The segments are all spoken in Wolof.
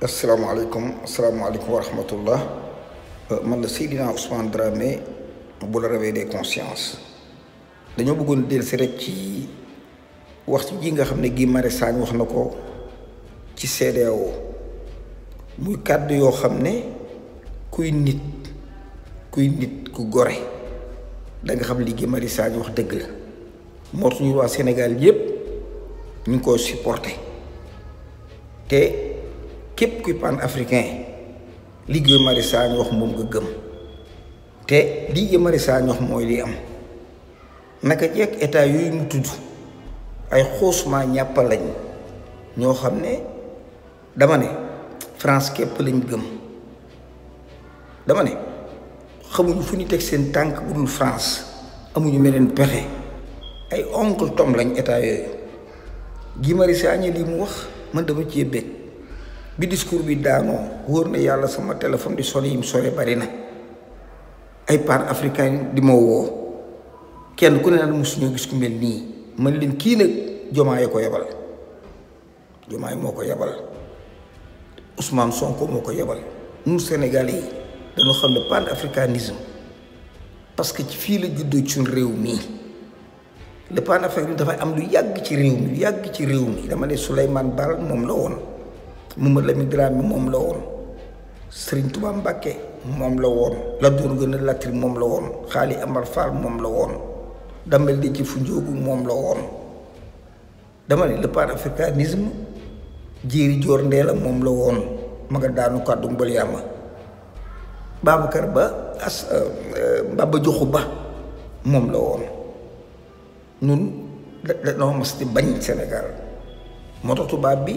Assalamu alaykum, wa rahmatullah euh, man la Seydina Ousmane Dramé bu la réveil des consciences dañoo bëggoon del si rek ci wax ji nga xam ne Guy Marius wax na ko ci CEDEAO muy kàddu yoo xam kuy nit kuy nit ku gore da nga xam li Guy Marius Sagna wax dëgg la moo tax Sénégal yépp ñu ngi koy supporté te kip kuy pan africain li Guy Marius Sagna wax mom ga gem te li Guy wax moy li am naka jek état yu mu tudd ay xoosuma ñappal lañ ño xam dama ne France kep lañ gem dama ne xamuñu fu ñu tek seen tank bu dul France amuñu menen pexé ay oncle Tom lañ état yooyu gi Marius Sagna mu wax man dama ci bekk bi discours bi daanoo wóor na yàlla sama téléphone di son yim sore bari na ay pan african di ma woo kenn ku ne naan mosuñoo gis ku mel nii man leen kii nag jomaay ko yebal jomaay moo ko yebal Ousmane Sonko moo ko yebal ñun Sénégalais yi dañoo xam ne pan africanisme parce que ci fii la juddoo ci suñu réew mii le pan africanisme dafay am lu yàgg ci réew mi lu yàgg ci réew mi dama ne Souleymane Baal moom la woon Mamadou Lamine Dramé moom la woon Serigne Touba Mbacké moom la woon Lat Joor gën a Lattir moom la woon Xaali Amar Fall moom la woon Damel di moom la woon dama ne le jéeri joor ndeela moom la woon ma daanu kàddu mbal yàmma Babacar Ba as Joxu euh, euh, Ba moom la woon ñun da dañoo mas di bañ Sénégal moo tax tubaab bi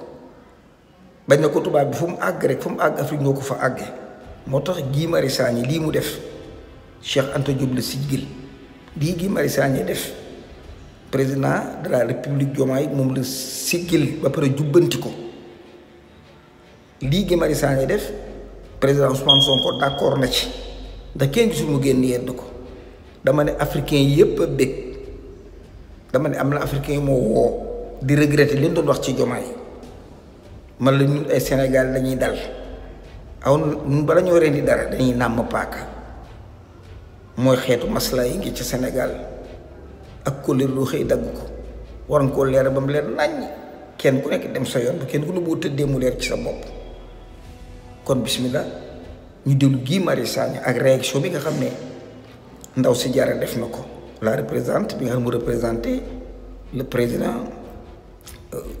bañ na ko tubaab bi fu mu àgg rek fu mu àgg Afrique ñoo ko fa àggee moo tax Guy Marius Sagna lii mu def Cheikh Anta Diop la siggil lii Guy Marius Sagna def président de moom la siggil ba pare jubbanti ko lii def président Ousmane Sonko na ci ndax kenn gisul mu génn yedd ko dama ne africain yépp a bëgg dama ne am na africain moo woo di regretter li ñu doon wax ci yi man la ay Sénégal dañuy dal aw ñun bala ñoo rendi dara dañuy nàmm paaka mooy xeetu masla yi ngi ci Sénégal ak kóllëre lu xëy dagg ko war nga koo leer ba mu leer naññ kenn ku nekk dem sa yoon bu kenn ku ne boo tëddee mu leer ci sa bopp kon bismillah ñu déglu gii Marius Sagna ak réaction bi nga xam ne ndaw si jaara def na ko la représente bi nga xam mu représenté le président euh,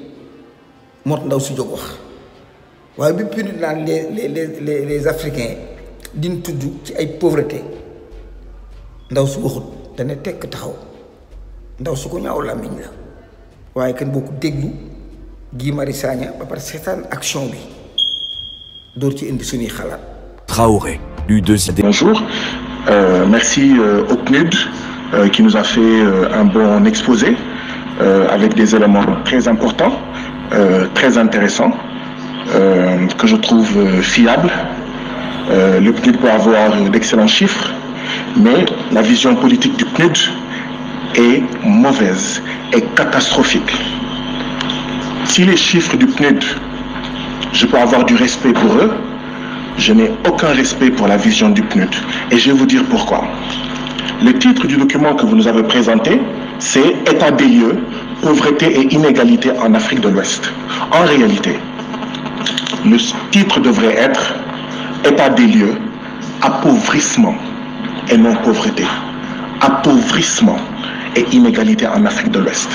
Mor Ndaw si jóg wax waaye bi pinit nan les les les les africains diñ tudd ci ay pauvreté ndaw su waxut dana tek taxaw ndaw su ko ñaaw làmmiñ la waaye kenn boo ko déglu Guy Marius Sagna ba par seetaan action bi dor ci indi suñuy xalat Traoré du deuxième. Bonjour euh, merci euh, au CNUD euh, qui nous a fait euh, un bon exposé euh, avec des éléments très importants. Euh, très intéressant, euh, que je trouve euh, fiable. le PNUD peut avoir d'excellents chiffres, mais la vision politique du PNUD est mauvaise, est catastrophique. Si les chiffres du PNUD, je peux avoir du respect pour eux, je n'ai aucun respect pour la vision du PNUD. Et je vais vous dire pourquoi. Le titre du document que vous nous avez présenté, c'est État des lieux pauvreté et inégalité en Afrique de l'Ouest. En réalité, le titre devrait être État des lieux, appauvrissement et non pauvreté. Appauvrissement et inégalité en Afrique de l'Ouest.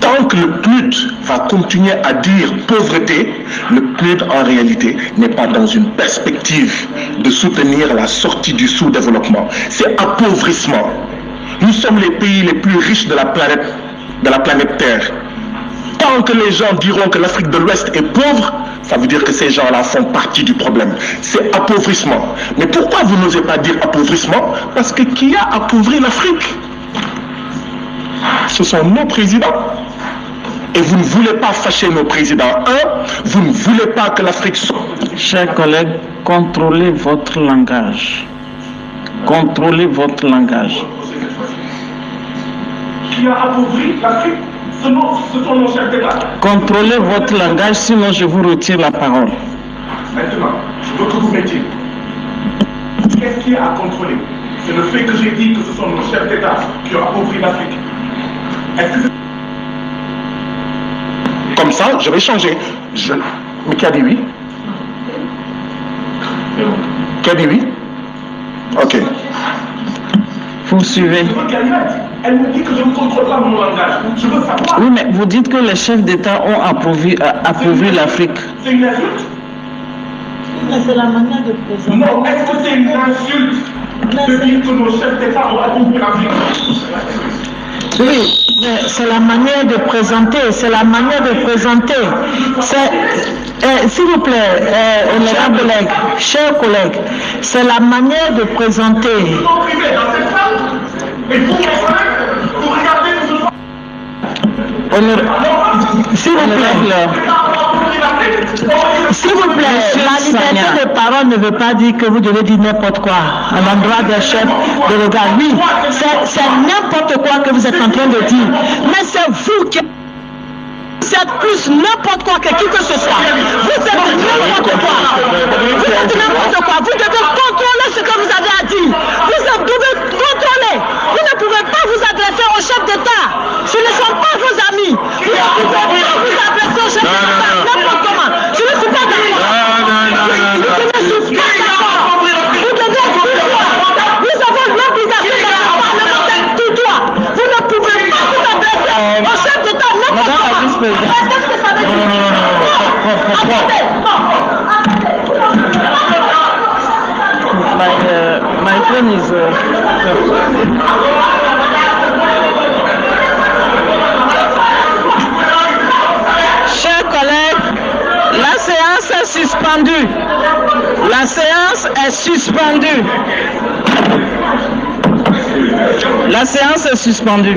Tant que le PNUD va continuer à dire pauvreté, le PNUD en réalité n'est pas dans une perspective de soutenir la sortie du sous-développement. C'est appauvrissement. Nous sommes les pays les plus riches de la planète de la planète Terre. Tant que les gens diront que l'Afrique de l'Ouest est pauvre, ça veut dire que ces gens-là font partie du problème. C'est appauvrissement. Mais pourquoi vous n'osez pas dire appauvrissement Parce que qui a appauvri l'Afrique Ce sont nos présidents. Et vous ne voulez pas fâcher nos présidents. Un, vous ne voulez pas que l'Afrique soit... Chers collègues, contrôlez votre langage. Contrôlez votre langage qui a appauvri l'Afrique Ce sont nos chefs d'État. Contrôlez votre langage, sinon je vous retire la parole. Maintenant, je veux que vous mettiez. Qu'est-ce qui a à contrôler C'est le fait que j'ai dit que ce sont nos chefs d'État qui ont appauvri l'Afrique. Est-ce que c'est... Comme ça, je vais changer. Je... Mais qui a dit oui Qui a dit oui Ok. Vous suivez. Elle me dit que je ne contrôle pas mon langage. Je veux savoir. Oui, mais vous dites que les chefs d'État ont approuvé, euh, approuvé l'Afrique. C'est une insulte Mais c'est la manière de présenter. Non, est-ce que c'est une insulte de dire que nos chefs d'État ont approuvé l'Afrique oui, c'est la manière de présenter, c'est la manière de présenter. Euh, s'il vous plaît, euh, honorable chers collègues, c'est la manière de présenter. S'il vous plaît. S'il vous plaît, la liberté de parole ne veut pas dire que vous devez dire n'importe quoi à l'endroit des chef de regard. Oui, c'est n'importe quoi que vous êtes en train de dire. Mais c'est vous qui êtes plus n'importe quoi que qui que ce soit. Vous êtes n'importe quoi. Vous êtes n'importe quoi. Vous devez contrôler ce que vous avez à dire. Vous devez contrôler. Vous ne pouvez pas vous adresser au chef d'État. Ce ne sont pas vos amis. Vous ne pouvez pas vous adresser au chef d'État. Chers collègues, la séance est suspendue. La séance est suspendue. La séance est suspendue.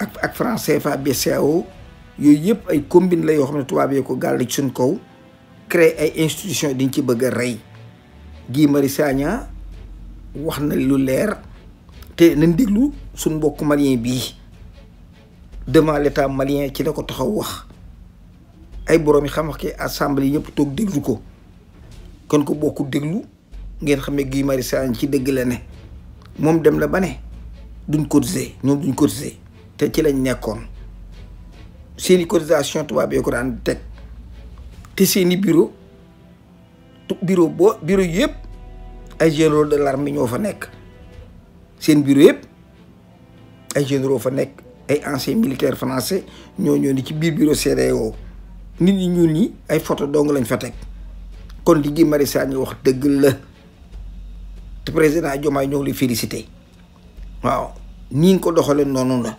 ak ak franc CFA BCEAO yooyu yëpp ay combine la yoo xam ne tubaab yee ko gàll ci suñ kaw créer ay institution diñ ci bëgg a rey Guy Marius Sagna wax na lu leer te nañ déglu suñ mbokk malien bii devant l'état malien ci la ko taxaw wax ay borom yi xam wax ki yi ñëpp toog déglu ko kon ko bokku déglu ngeen xam ne Guy Marius Sagna ci dëgg la ne moom dem la ba ne duñ cotiser ñoom duñ cotiser te ci lañ nekkoon seeni cotisation tubaab yoo ko daan teg te seeni bureau bureau boo bureau ay généraux de l'armée ñoo fa nekk seen bureau yëpp ay généraux fa nekk ay anciens militaire français ñoo ñoo ni ci biir bureau CEDEAO nit ñi ñuul ñi ay photo dong lañ fa teg kon li Guy Marius Sagna wax dëgg la te président Diomaye ñoo ngi lay félicité waaw nii nga ko doxalee noonu la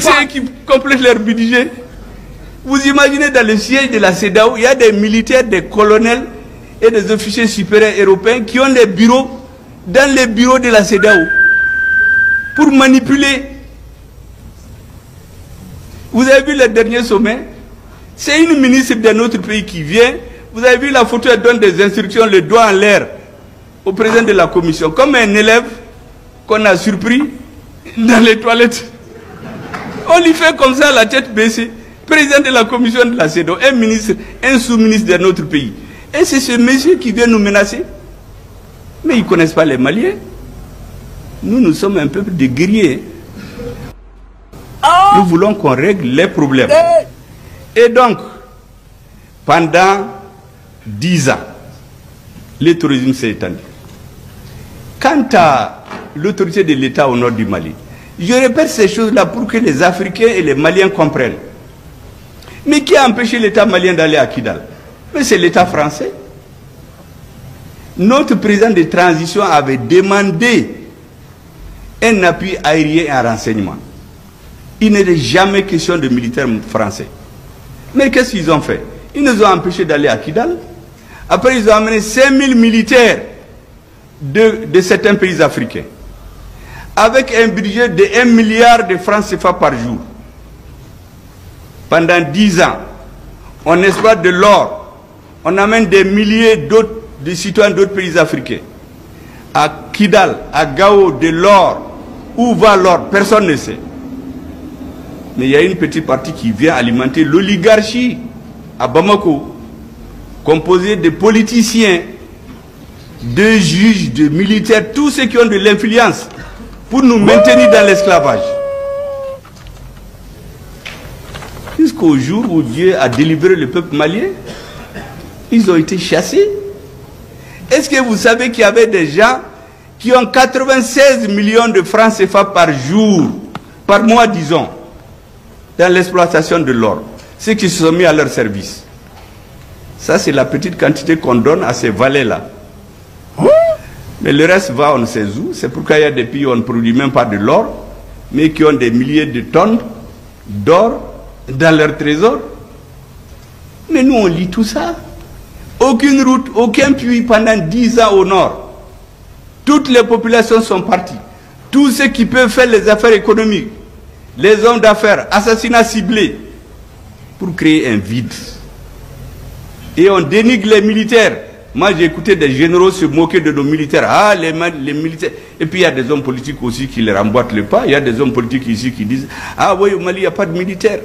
C'est eux qui complètent leur budget. Vous imaginez dans le siège de la CEDAW, il y a des militaires, des colonels et des officiers supérieurs européens qui ont des bureaux dans les bureaux de la CEDAW pour manipuler. Vous avez vu le dernier sommet C'est une ministre d'un autre pays qui vient. Vous avez vu la photo, elle donne des instructions, le doigt en l'air au président de la commission, comme un élève qu'on a surpris dans les toilettes. On lui fait comme ça la tête baissée. Président de la commission de la CEDO, un ministre, un sous-ministre de notre pays. Et c'est ce monsieur qui vient nous menacer. Mais ils ne connaissent pas les Maliens. Nous, nous sommes un peuple de guerriers. Ah! Nous voulons qu'on règle les problèmes. Eh! Et donc, pendant dix ans, le tourisme s'est étendu. Quant à l'autorité de l'État au nord du Mali, je répète ces choses-là pour que les Africains et les Maliens comprennent. Mais qui a empêché l'État malien d'aller à Kidal Mais c'est l'État français. Notre président de transition avait demandé un appui aérien et un renseignement. Il n'était jamais question de militaires français. Mais qu'est-ce qu'ils ont fait Ils nous ont empêchés d'aller à Kidal. Après, ils ont amené 5000 militaires de certains pays africains avec un budget de 1 milliard de francs CFA par jour. Pendant 10 ans, on exploite de l'or, on amène des milliers d'autres de citoyens d'autres pays africains. À Kidal, à Gao, de l'or. Où va l'or Personne ne sait. Mais il y a une petite partie qui vient alimenter l'oligarchie à Bamako, composée de politiciens, de juges, de militaires, tous ceux qui ont de l'influence pour nous maintenir dans l'esclavage. Jusqu'au jour où Dieu a délivré le peuple malien, ils ont été chassés. Est-ce que vous savez qu'il y avait des gens qui ont 96 millions de francs CFA par jour, par mois disons, dans l'exploitation de l'or, ceux qui se sont mis à leur service. Ça, c'est la petite quantité qu'on donne à ces valets-là. Hein? Mais le reste va, on ne sait où. C'est pourquoi il y a des pays où on ne produit même pas de l'or, mais qui ont des milliers de tonnes d'or dans leur trésor. Mais nous, on lit tout ça. Aucune route, aucun puits pendant dix ans au nord. Toutes les populations sont parties. Tous ceux qui peuvent faire les affaires économiques, les hommes d'affaires, assassinats ciblés, pour créer un vide. Et on dénigre les militaires moi, j'ai écouté des généraux se moquer de nos militaires. Ah, les, militaires. Et puis, il y a des hommes politiques aussi qui les remboîtent le pas. Il y a des hommes politiques ici qui disent Ah, oui, au Mali, il n'y a pas de militaires.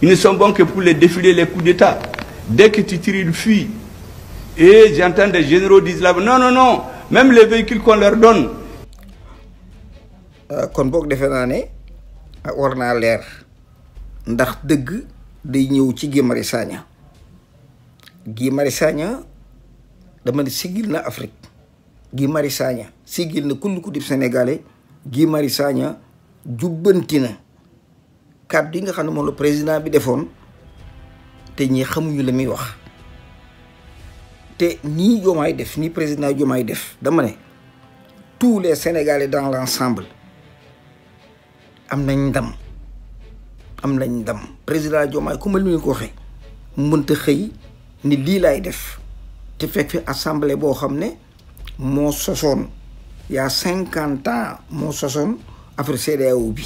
Ils ne sont bons que pour les défiler les coups d'État. Dès que tu tires, ils fuient. Et j'entends des généraux disent là Non, non, non. Même les véhicules qu'on leur donne. Euh, dama sigil na Afrik, gi Marius sigil na kull ku di sénégalais Jubentina. Marius Sagna jubbanti na nga xamne mo le président bi defone te ñi xamuñu la wax te nii jomay def ni président jomay def dama né tous les sénégalais dans l'ensemble am nañ ndam am nañ ndam président jomay ku ni li lay def te fek fi assemblée bo xamné mo sosone ya 50 ans mo sosone afri cdao bi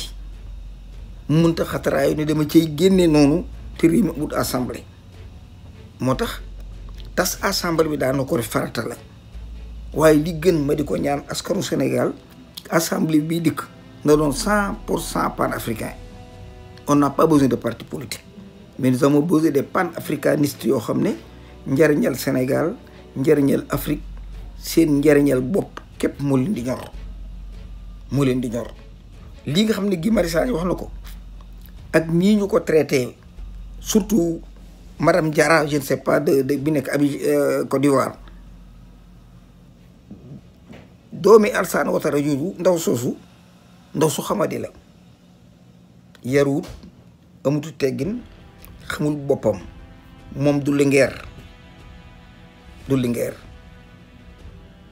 munta xataraayu ni dama cey génne nonu te réew mi assemblée motax tas assemblée bi da na ko farata la waye li gën ma diko ñaan askaru Sénégal assemblée bi dik na don 100% pan africain on n'a pas besoin de parti politique mais nous avons besoin des panafricanistes yoo xam ne njariñal Sénégal njariñal Afrique seen njariñal bop kep mo leen di ñor mo leen di ñor li nga xam ne marissage wax nako ko ak ñi ñu ko traiter surtout madame jara je ne sais pas de de bi nek abi euh, Côte d'Ivoire doomi Alassane Ouattara juju ndaw sosu ndaw su xamadi la yarut amutu teggin xamul bopam mom du doulinger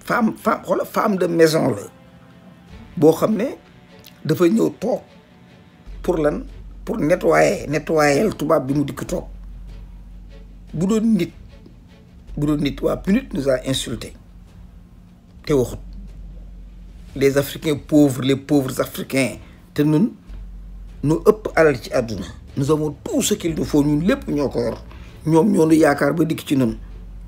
femme femme de maison la pour pour nettoyer nettoyer tout bi bu nit bu nous a insulté les africains pauvres les pauvres africains Nous nous nous nous avons tout ce qu'il nous faut nous lépp nous nous nous nous,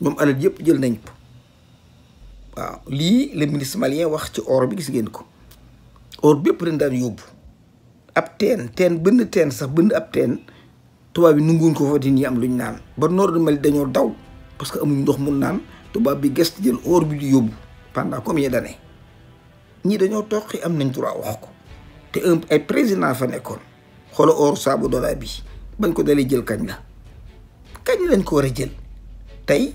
ñoom alal yëpp jël nañ ko waaw lii le ministre malien wax ci or bi gis ngeen ko or bépp dañ daan yóbbu ab teen teen bënn teen sax bënn ab teen tubaab yi nanguwuñ ko fa di ñi am luñ naan ba nord Mali dañoo daw parce que amuñ ndox mun naan tubaab bi gëstu jël or bi di yóbbu pendant combien d'années ñii dañoo toqi am nañ droit wax ko te ay président fa nekkoon xoola or saabu dollar bi bañ ko dalee jël kañ la kañ lañ ko war a jël tey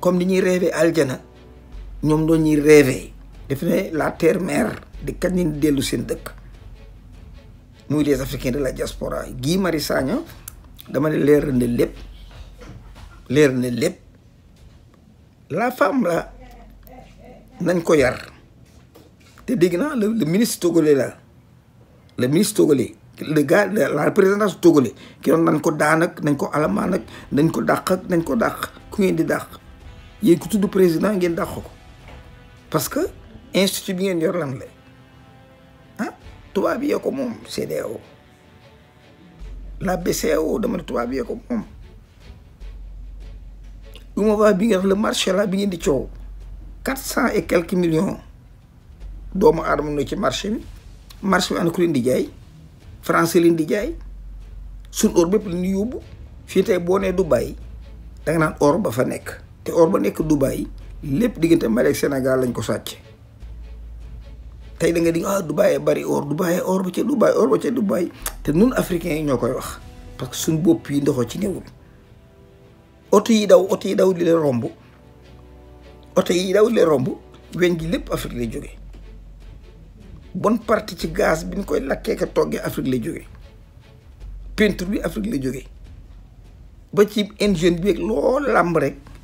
comme ni ñuy rêvé aljana ñoom doo ñuy rêvé def ne la terre mère di kat ni dellu seen dëkk muy les africain de la jaspora gii Marius Sagna dama ne leer na lépp leer na lépp la femme la nañ ko yar te dégg naa le ministre togolais la le ministre le gars la représentation togolais ki doon nañ ko daanak ak nañ ko alamaan nañ ko dàq ak nañ ko dàq ku ngeen di dàq yéen ku tudd président ngeen dàq ko parce que institut bi ngeen yor lan la ah tubaab yee ko moom CEDEAO la BCEAO dama ne tubaab yee ko moom UMOA bi nga le marché la bi ngeen di coow 400 et quelques millions doomu aadama no ci marché bi marché bi ana ku leen di jaay français leen di jaay suñ or bépp li ñu yóbbu fii tey boo nee Dubaï da nga naan or ba fa nekk te or ba nekk Dubaï lépp diggante Mali ak Sénégal lañ ko sàcc tey da nga di ah Dubaï bari or Dubaï or ba ca Dubaï or ba ca Dubaï te nun africain yi ñoo koy wax parce que suñ bopp yi ndoxo ci newul oto yi daw oto yi daw di romb oto yi daw di romb weñ gi lépp Afrique lay jóge bon partie ci gaz bi ñu koy lakkee ka toggee Afrique lay jóge peinture bi Afrique lay jóge ba ci engine bi ak loo làmb rek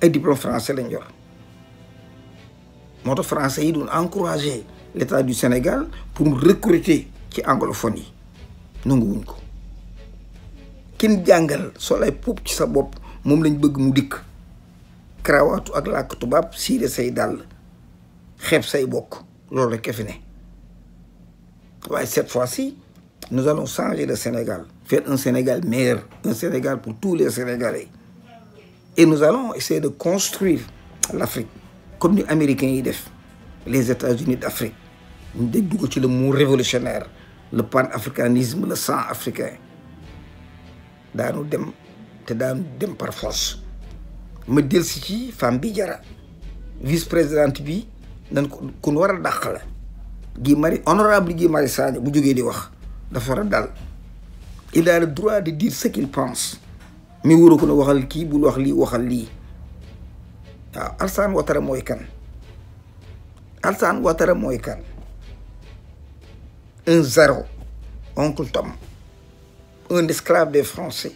ay diplôme français lañ yor français yi doon encourager l'état du Sénégal pour recruter ci anglophone nangu nanguwuñ ko kenn jangal so lay pop, ci sa bop mom lañ bëgg mu dik karawaatu ak làkk tubaab siire say dàll xeeb say bok loolu rek fi ne waaye cette fois-ci nous allons changer le Sénégal faire un Sénégal meilleur un Sénégal pour tous les Sénégalais et nous allons essayer de construire l'Afrique comme les Américains y les États-Unis d'Afrique. Nous avons le mot révolutionnaire, le panafricanisme, le sang africain. Nous dem, te dem par force. Je delsi ci femme bi vice-présidente bi la honorable il a le droit de dire ce qu'il pense mi wuro ko ne waxal ki bul wax li waxal li waaw watara Ouattara kan Alassane Ouattara moy kan un zéro oncle Tom un esclave des Français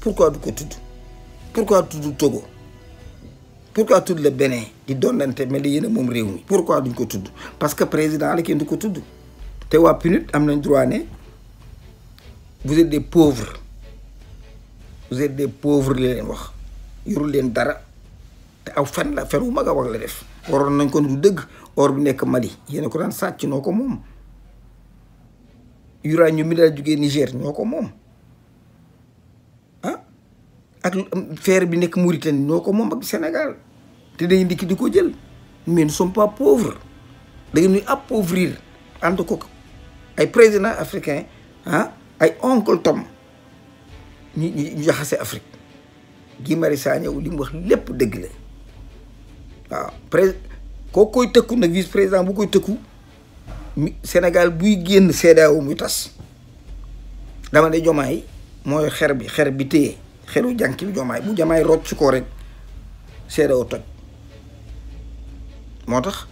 pourquoi du ko tudd pourquoi tudd Togo pourquoi tudd le Bénin di donante mais li yéen a pourquoi du ko tudd parce que président la kenn du ko tudd te wa punit am nañ droit né vous êtes des pauvres vous êtes des wax yorul leen dara aw fen la fen wu mag a wax la def waroon nañ ko du dëgg or bi nekk Mali yéena ko daan sàcc noo ko moom uranium mi daal jugee Niger ñoo ko moom ah ak bi nekk Mauritanie ñoo ko moom ak Sénégal te dañuy dikki di ko jël mais nous sommes pas pauvres da ngeen ñuy appauvrir ànd ko ay président africain ah ay oncle Tom ñi ñu jaxase Afrique Guy Marius Sagna li mu wax lépp dëgg la waaw prés koo koy tëkku nag vice président bu koy tëkku Sénégal buy génn CEDEAO muy tas dama de jomaay mooy xer bi xer bi téye xeru jànki bi jomaay bu jamaay rocc ci ko rek CEDEAO toj moo tax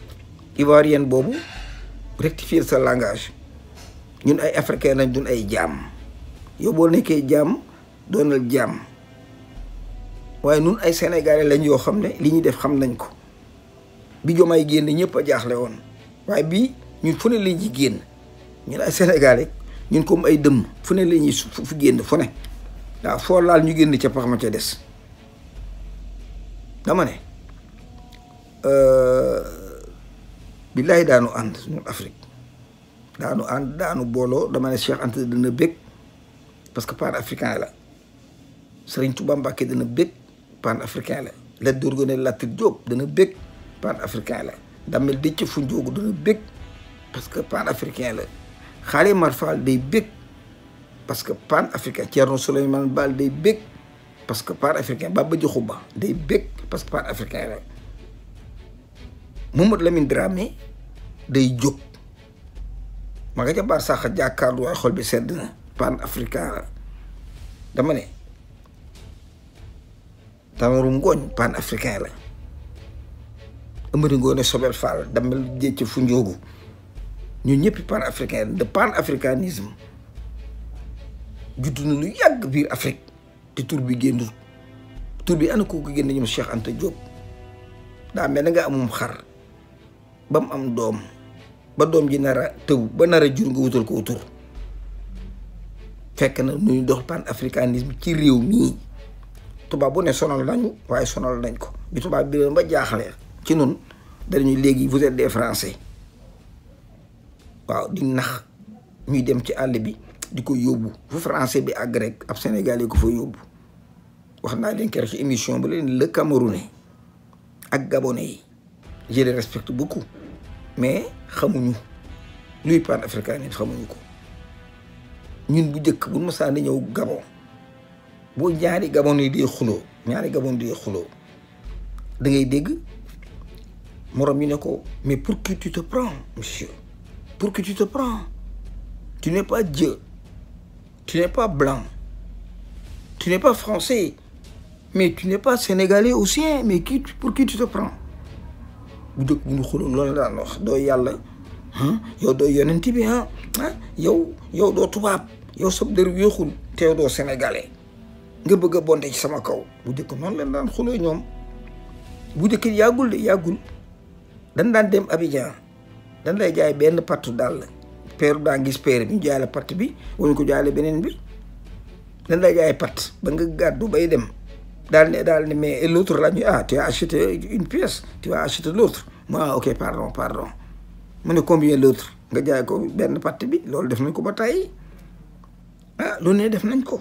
ivoirien boobu rectifier sa langage ñun ay africain lañ dun ay jaam yow boo nekkee jaam doonal jàmm waaye nun ay sénégalais lañ yoo xam ne li ñuy def xam nañ ko bi jomaay génn ñëpp a jaaxle woon waaye bi ñun fu ne la ñuy génn ñun ay sénégalais ñun comme ay dëmm fu ne la ñuy fu génn fu ne waaw foo laal ñu génn ca pax ma ca des dama ne euh, billahi daanu ànd ñun Afrique daanu ànd daanu booloo dama ne Cheikh Anta dina bëgg parce que pan africain la Serigne Touba Mbacké dana bëgg pan africain la Lat Dior Ngoné Latyr Diop dana bëgg pan africain la Damel Déthié Foundiougu dana bëgg parce que pan africain la Xaali Mar Fall day bëgg parce que pan africain Thierno Souleymane Baal day bëgg parce que pan africain Baba Diakhou Ba parce que pan africain la Mamadou Lamine day jóg ma nga ca baar sax waaye xol bi sedd na pan africain la dama ne tamaru ngooñ pan africain la Amari Ngoone Sobel Fall Damel Jëcc fu njóogu ñu ñëpp pan africain de pan africanisme juddu na lu yàgg biir Afrique te tur bi génn tur bi ana koo ko génn ñoom Cheikh Anta Diop daa mel na nga amum xar ba mu am doom ba doom ji nar a tëw ba nar jur nga wutal ko tur fekk na nuy dox pan africanism ci réew mii tubaab bu ne sonal nañu waaye sonal nañ ko bi tubaab bi ba jaxale ci nun dañu léegi vous êtes des français waaw di nax ñuy dem ci àll bi di ko yóbbu fu français bi àgg rek ab sénégalais ko fa yobbu wax naa leen kër ci émission bu leen le camerounais ak gabonais yi je les respecte beaucoup mais xamuñu luy pan africain xamuñu ko ñun bu jëk bu mosaan di ñëw gabon bu ñaari gabon yi di xulo ñaari gabon di xulo da ngay dégg morom yi ne ko mais pour qui tu te prends monsieur pour qui tu te prends tu n'es pas Dieu tu n'es pas blanc tu n'es pas français mais tu n'es pas sénégalais aussi mais qui pour qui tu te prends bu dëkk bu ñu xuloo loolu daan wax doo yàlla hein? yow doo yonent bi ah yow yow doo tubaab yow sab dër wéexul te yow doo sénégalais nga bëgg a bonde sama kaw bu njëkk noonu leen daan xuloo ñoom bu njëkk yàggul de yàggul dañ daan dem Abidjan dan lay jaay benn pattu dàll peeru daa gis peer bi ñu jaay la patt bi wañu ko jaay beneen bi dañ lay jaay patt ba nga gàddu bay dem daal ne daal ne mais l'autre la ñu ah tu as acheté une pièce tu as acheté l'autre ah ok mu ne combien l'autre nga jaay ko benn patt bi loolu def nañ ko ba tey ah lu ne def nañ ko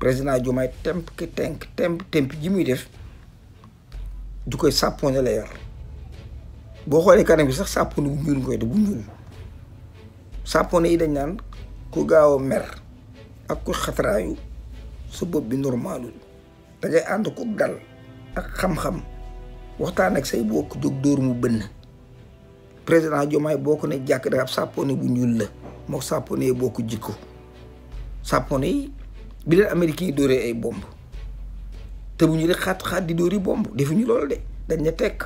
président Diomaye temp ki tenk temp temp ji muy def du koy sàppoone la yor boo xoolee kanam bi sax sàppoone bu ñuul koy def bu ñuul sàppoone yi dañ naan ku gaaw a mer ak ku xataraayu bopp bi normalul da ngay ànd ku dal ak xam waxtaan ak say bokk jóg mu bënn président Diomaye boo ko ne jàkk da ñuul la moo sàppoone bokk jikko sàppoone yi bi leen yi dóoree ay bomb te bu ñu di xaat xaat di dóori bomb defuñu loolu de dañ na tekk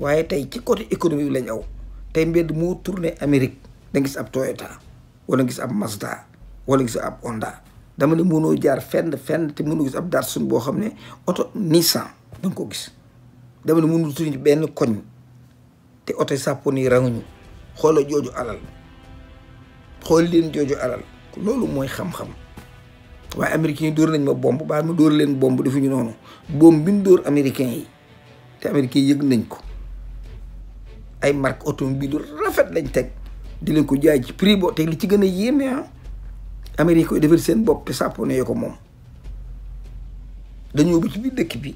waaye tey ci côté économie bi lañ aw tey mbedd moo tourné Amérique da gis ab Toyota wala gis ab Mazda wala gis ab Honda dama ne mënoo jaar fenn fenn te mënoo gis ab Datsun boo xam ne oto Nissan da nga ko gis dama ne mënul tuuti benn koñ te oto sàppoon yi ranguñu xoola jooju alal xool leen jooju alal loolu mooy xam-xam waaye américain yi dóor nañ ma bomb baa ma dóor leen bomb ñu noonu bomb bi ñu dóor américain yi te américain yëg nañ ko ay marque automobile rafet lañ teg di leen ko jaay ci prix boo teg li ci gën a yéeme ah américain koy seen bopp sapone ko moom dañoo ba ci biir dëkk bi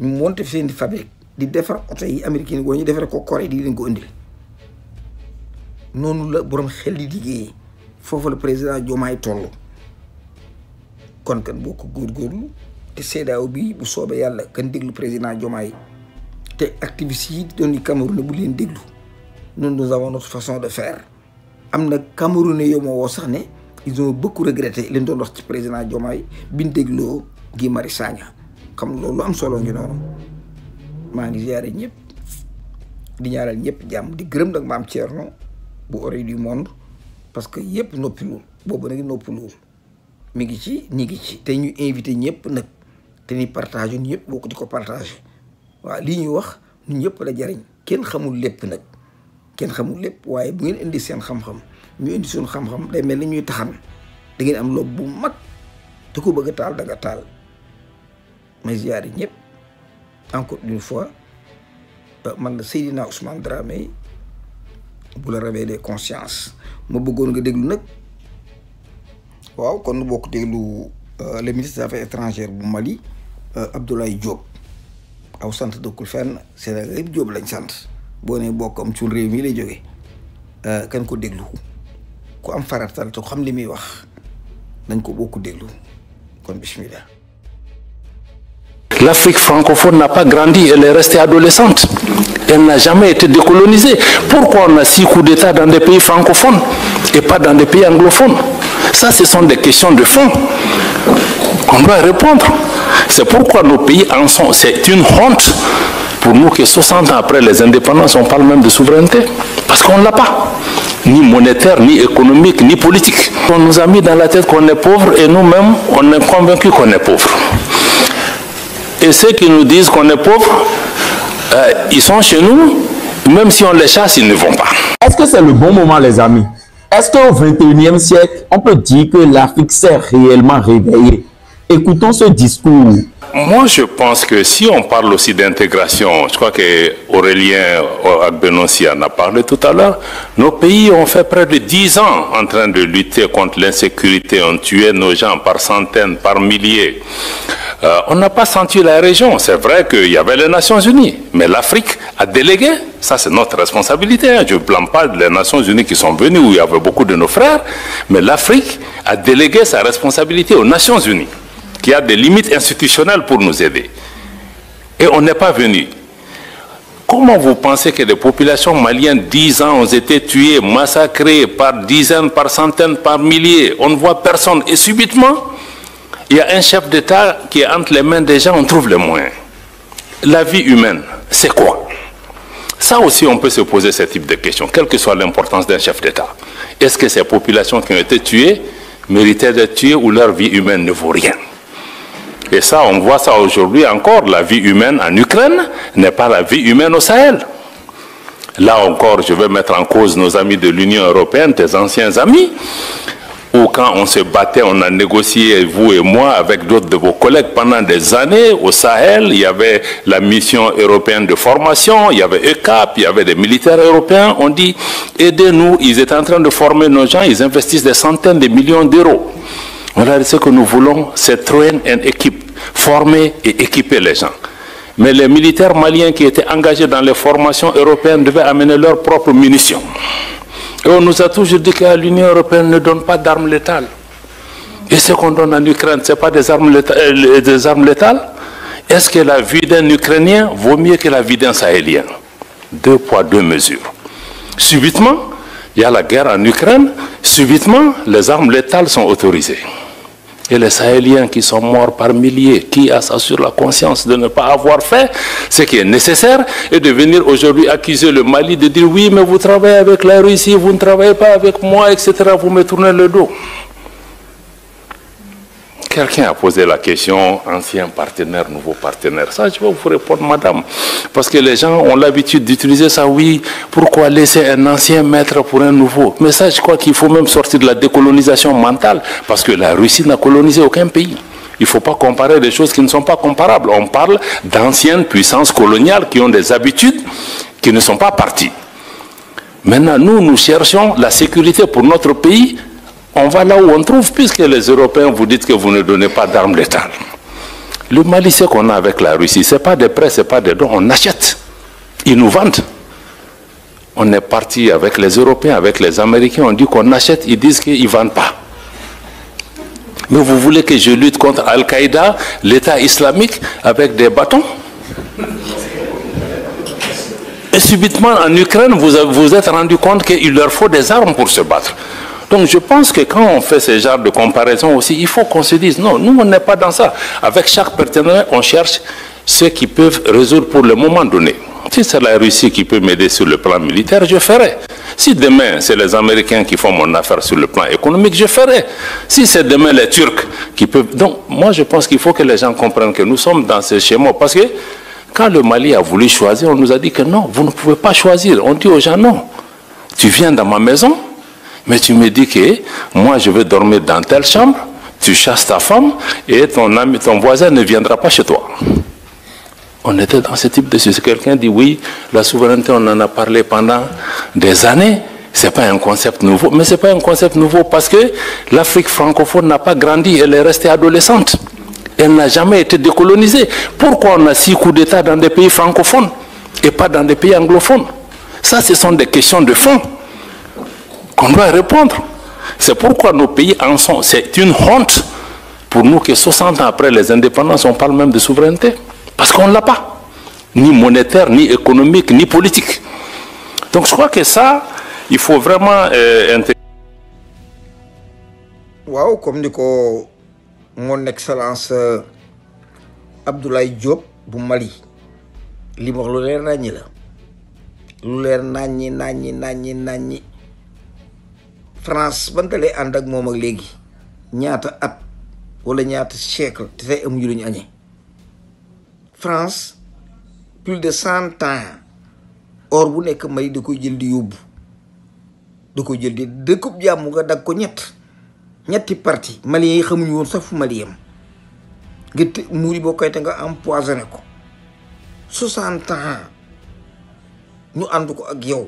ñu monte seen fabrique di defar oto yi américain yi ñu defar ko Corée di leen ko indil noonu la borom xel di liggéeyee foofu la président Diomaye toll kon kan boo ko góorgóorlu te CEDEAO bi bu soobee yàlla kan déglu président Diomaye te activistes yi doon di Cameroun bu leen déglu noonu nous avons notre façon de faire am na Camerounais yow sax ne ils ont beaucoup regretté leen doon wax ci président Diomaye bi ñu dégloo gi Marius Sagna xam loolu am solo ngi noonu maa ngi ziare ñëpp di ñaanal ñëpp jàmm di gërëm nag maam Thierno bu Oreilles du Monde parce que yëpp noppi lool boobu nag noppi lool mi ngi ci ñi ngi ci te ñu invité ñëpp nag te ni partagé ñu ñëpp bokk di ko partagé waaw lii ñu wax ñu ñëpp la jariñ kenn xamul lépp nag kenn xamul lépp waaye bu ngeen indi seen xam-xam ñu indi soon xam-xam day mel na ñuy taxan da am lob bu mag te ko bëgg a taal da nga taal may ziyaari ñëpp encore une fois euh, man la Seydina Ousmane Dramé bu la de conscience ma bëggoon nga déglu nag waaw kon bokk déglu euh, le ministre des affaires étrangères du Mali euh, Abdoulaye Diop aw sant dëkkul fenn Sénégal yëpp Diop lañ sant boo ne bokkam ci réew mi lay jógee euh, kan ko déglu ku am faratal te xam li muy wax nañ ko bokk déglu kon bismillah L'Afrique francophone n'a pas grandi, elle est restée adolescente. Elle n'a jamais été décolonisée. Pourquoi on a six coups d'État dans des pays francophones et pas dans des pays anglophones ça, ce sont des questions de fond qu'on doit répondre. C'est pourquoi nos pays en sont. C'est une honte pour nous que 60 ans après les indépendances, on parle même de souveraineté. Parce qu'on ne l'a pas. Ni monétaire, ni économique, ni politique. On nous a mis dans la tête qu'on est pauvre et nous-mêmes, on est convaincus qu'on est pauvre. Et ceux qui nous disent qu'on est pauvre, euh, ils sont chez nous, même si on les chasse, ils ne vont pas. Est-ce que c'est le bon moment, les amis est-ce qu'au XXIe siècle, on peut dire que l'Afrique s'est réellement réveillée Écoutons ce discours moi, je pense que si on parle aussi d'intégration, je crois que Aurélien euh, en a parlé tout à l'heure, nos pays ont fait près de dix ans en train de lutter contre l'insécurité, ont tué nos gens par centaines, par milliers. Euh, on n'a pas senti la région. C'est vrai qu'il y avait les Nations Unies, mais l'Afrique a délégué. Ça, c'est notre responsabilité. Hein. Je ne blâme pas les Nations Unies qui sont venues, où il y avait beaucoup de nos frères, mais l'Afrique a délégué sa responsabilité aux Nations Unies il y a des limites institutionnelles pour nous aider. Et on n'est pas venu. Comment vous pensez que des populations maliennes, dix ans, ont été tuées, massacrées par dizaines, par centaines, par milliers On ne voit personne. Et subitement, il y a un chef d'État qui est entre les mains des gens, on trouve le moyens. La vie humaine, c'est quoi Ça aussi, on peut se poser ce type de questions, quelle que soit l'importance d'un chef d'État. Est-ce que ces populations qui ont été tuées méritaient d'être tuées ou leur vie humaine ne vaut rien et ça, on voit ça aujourd'hui encore. La vie humaine en Ukraine n'est pas la vie humaine au Sahel. Là encore, je veux mettre en cause nos amis de l'Union européenne, tes anciens amis, où quand on se battait, on a négocié, vous et moi, avec d'autres de vos collègues pendant des années au Sahel. Il y avait la mission européenne de formation, il y avait ECAP, il y avait des militaires européens. On dit, aidez-nous, ils étaient en train de former nos gens, ils investissent des centaines de millions d'euros. Voilà ce que nous voulons, c'est trouver une équipe, former et équiper les gens. Mais les militaires maliens qui étaient engagés dans les formations européennes devaient amener leurs propres munitions. Et on nous a toujours dit que l'Union européenne ne donne pas d'armes létales. Et ce qu'on donne en Ukraine, ce n'est pas des armes létales, euh, des armes létales Est-ce que la vie d'un Ukrainien vaut mieux que la vie d'un Sahélien Deux poids, deux mesures. Subitement, il y a la guerre en Ukraine, subitement, les armes létales sont autorisées et les Sahéliens qui sont morts par milliers, qui assurent la conscience de ne pas avoir fait ce qui est nécessaire, et de venir aujourd'hui accuser le Mali de dire oui, mais vous travaillez avec la Russie, vous ne travaillez pas avec moi, etc., vous me tournez le dos. Quelqu'un a posé la question, ancien partenaire, nouveau partenaire. Ça, je vais vous répondre, madame. Parce que les gens ont l'habitude d'utiliser ça, oui. Pourquoi laisser un ancien maître pour un nouveau Mais ça, je crois qu'il faut même sortir de la décolonisation mentale. Parce que la Russie n'a colonisé aucun pays. Il ne faut pas comparer des choses qui ne sont pas comparables. On parle d'anciennes puissances coloniales qui ont des habitudes qui ne sont pas parties. Maintenant, nous, nous cherchons la sécurité pour notre pays on va là où on trouve, puisque les Européens vous dites que vous ne donnez pas d'armes d'État. Le malice qu'on a avec la Russie, ce n'est pas des prêts, ce n'est pas des dons, on achète. Ils nous vendent. On est parti avec les Européens, avec les Américains, on dit qu'on achète, ils disent qu'ils ne vendent pas. Mais vous voulez que je lutte contre Al-Qaïda, l'État islamique, avec des bâtons Et subitement, en Ukraine, vous, vous êtes rendu compte qu'il leur faut des armes pour se battre. Donc je pense que quand on fait ce genre de comparaison aussi, il faut qu'on se dise, non, nous, on n'est pas dans ça. Avec chaque partenaire, on cherche ceux qui peuvent résoudre pour le moment donné. Si c'est la Russie qui peut m'aider sur le plan militaire, je ferai. Si demain, c'est les Américains qui font mon affaire sur le plan économique, je ferai. Si c'est demain les Turcs qui peuvent... Donc, moi, je pense qu'il faut que les gens comprennent que nous sommes dans ce schéma. Parce que quand le Mali a voulu choisir, on nous a dit que non, vous ne pouvez pas choisir. On dit aux gens, non, tu viens dans ma maison, mais tu me dis que moi, je vais dormir dans telle chambre, tu chasses ta femme et ton ami, ton voisin ne viendra pas chez toi. On était dans ce type de situation. Quelqu'un dit oui, la souveraineté, on en a parlé pendant des années. n'est pas un concept nouveau, mais n'est pas un concept nouveau parce que l'Afrique francophone n'a pas grandi, elle est restée adolescente. Elle n'a jamais été décolonisée. Pourquoi on a six coups d'État dans des pays francophones et pas dans des pays anglophones Ça, ce sont des questions de fond qu'on doit répondre. C'est pourquoi nos pays en sont. C'est une honte pour nous que 60 ans après les indépendances, on parle même de souveraineté. Parce qu'on ne l'a pas. Ni monétaire, ni économique, ni politique. Donc je crois que ça, il faut vraiment Waouh, comme dit mon excellence euh, Abdoulaye Diop du Mali li wax la France ban dalee ànd ak moom ak léegi ñaata at wala ñaata siècle te tey amuñu lu añee France plus de cent ans or bu nekk may da koy jël di yóbbu da koy jël di dëkkub jàmm nga dag ko ñett ñetti partie maliens yi xamuñu woon sax fu mali yam nga të muuri boo koy te nga empoisonné ko soixante ans ñu ànd ko ak yow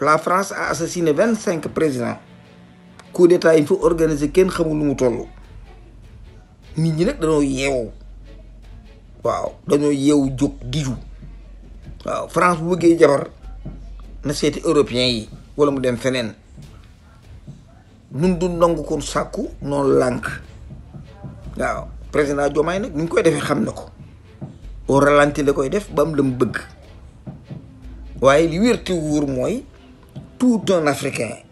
la France a assassiné vingt cinq président coup d'état yi fa organiser kenn xamul lu mu toll nit ñi nag dañoo yeewu waaw dañoo yeewu jóg diju waaw France bu bëggee jabar na seeti européens yi wala mu dem feneen nun du nangu kon sàkku noonu lànk waaw président Diomaye nag ni ñu koy defee xam na ko au ralenti la koy def ba mu la mu bëgg waaye li wérti wóor mooy tout un africain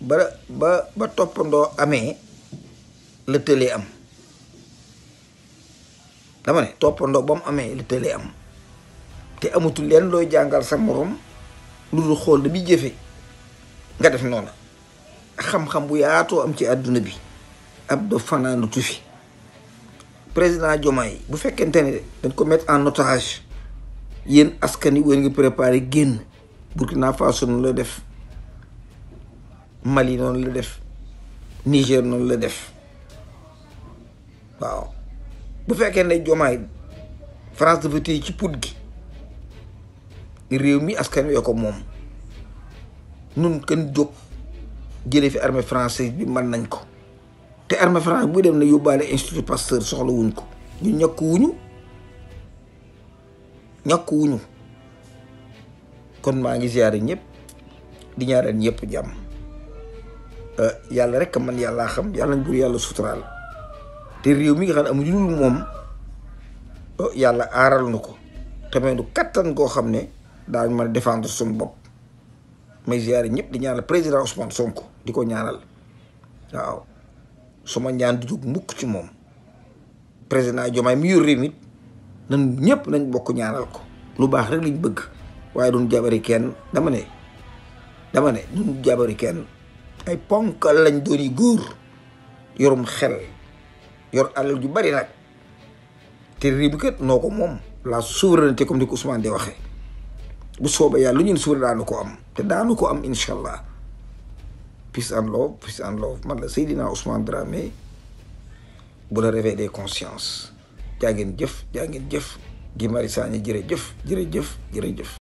ba ba ba toppandoo amee la tëlee am dama ne toppandoo ba amee la tëlee am te amatu leen looy jàngal sa morom lu dul xool da bi jëfe nga def noonu xam-xam bu yaatoo am ci àdduna bi ab do fanaanu fi président Diomaye bu fekkente ne dañ ko mett en otage yéen askan wi wéen ngi préparé génn Burkina Faso nu la def Mali noonu la def Niger noonu la def waaw bu fekkee ne jomaay France dafa téye ci put gi réew mi askan wi ko moom nun kenn jóg jëlee fi armée française bi mën nañ ko te armée française bu dem na yóbbaale institut Pasteur soxla wuñ ko ñu ñàkk wuñu ñàkk wuñu kon maa ngi ziare ñëpp di ñaaral ñëpp jàmm Euh, yàlla rek man yàlla xam yàlla nañ buur yàlla suturaal te réew mi nga xam ne amuñu lu moom oh, yàlla aaral na ko tamit du kattan koo xam ne daañu mën a défendre suñu may ziare ñëpp di ñaanal président Ousmane Sonko di ko ñaanal waaw suma ñaan du jóg mukk ci moom président Diomaye mi yor réew mi nan ñëpp nañ bokk ñaanal ko lu baax rek lañ bëgg waaye duñ jabari kenn dama ne dama ne duñ jabari kenn. ay ponkal lañ dooni góor yorum xel yor alal ju bari nag te rib kat noo ko moom la souveraineté comme ni ko Ousmane di waxee bu soobee yàlla lu ñun suur daanu ko am te daanu ko am incha allah peace and love peace and love man la Seydina Ousmane Dramé bu la réveillé conscience jaa ngeen jëf jaa ngeen jëf Guy Marius Sagna jërëjëf jërëjëf jërëjëf